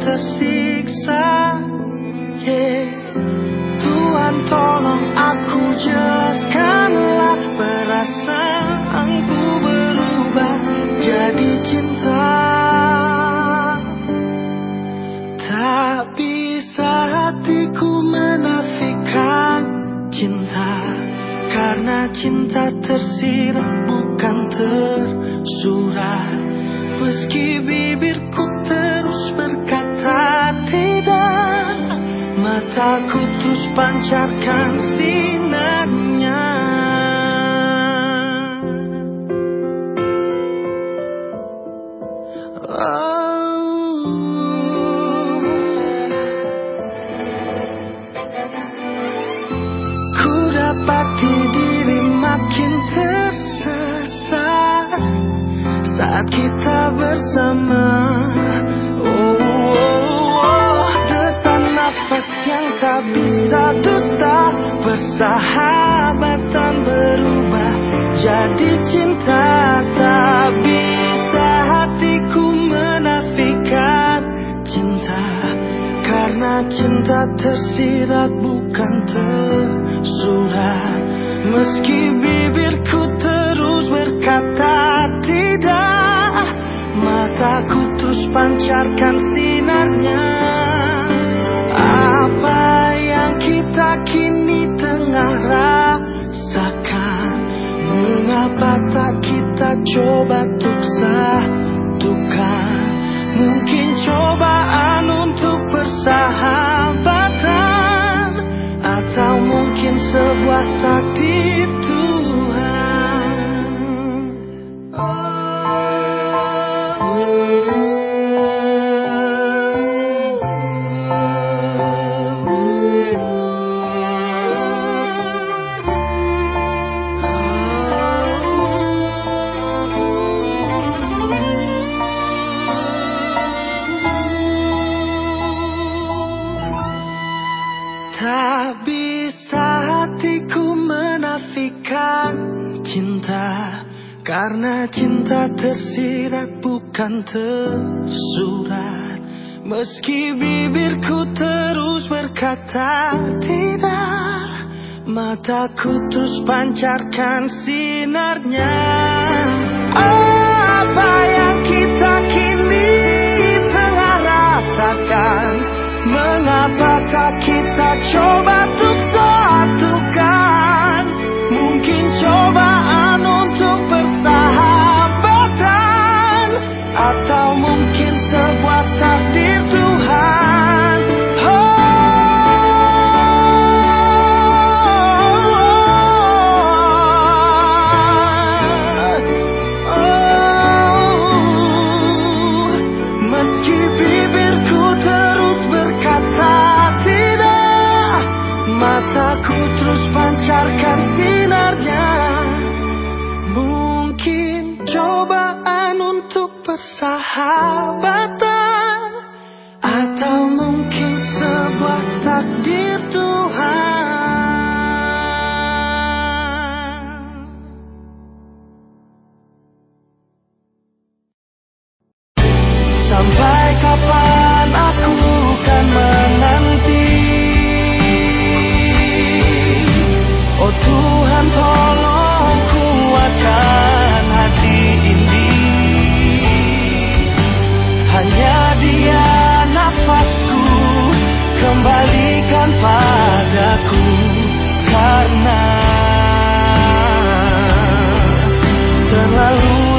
tersiksa yeah. Tuhan tolong aku jelaskanlah Perasaanku berubah jadi cinta Tapi bisa hatiku menafikan cinta Karena cinta tersirat bukan tersurat Meski bibirku Aku terus pancarkan sinarnya oh. Ku dapati diri makin tersesat Saat kita bersama bisa dusta Persahabatan berubah jadi cinta Tak bisa hatiku menafikan cinta Karena cinta tersirat bukan tersurat Meski bibirku terus berkata tidak Mataku terus pancarkan sinarnya Apa kita kini tengah rasakan Mengapa tak kita coba untuk satukan Mungkin cobaan Tak bisa hatiku menafikan cinta Karena cinta tersirat bukan tersurat Meski bibirku terus berkata tidak Mataku terus pancarkan sinarnya Apa yang kita kini tengah rasakan Mengapa kita coba persahabatan atau mungkin sebuah takdir Tuhan. Sampai kapan aku kan berikan padaku karena terlalu